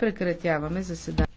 Прекратяваме заседанието.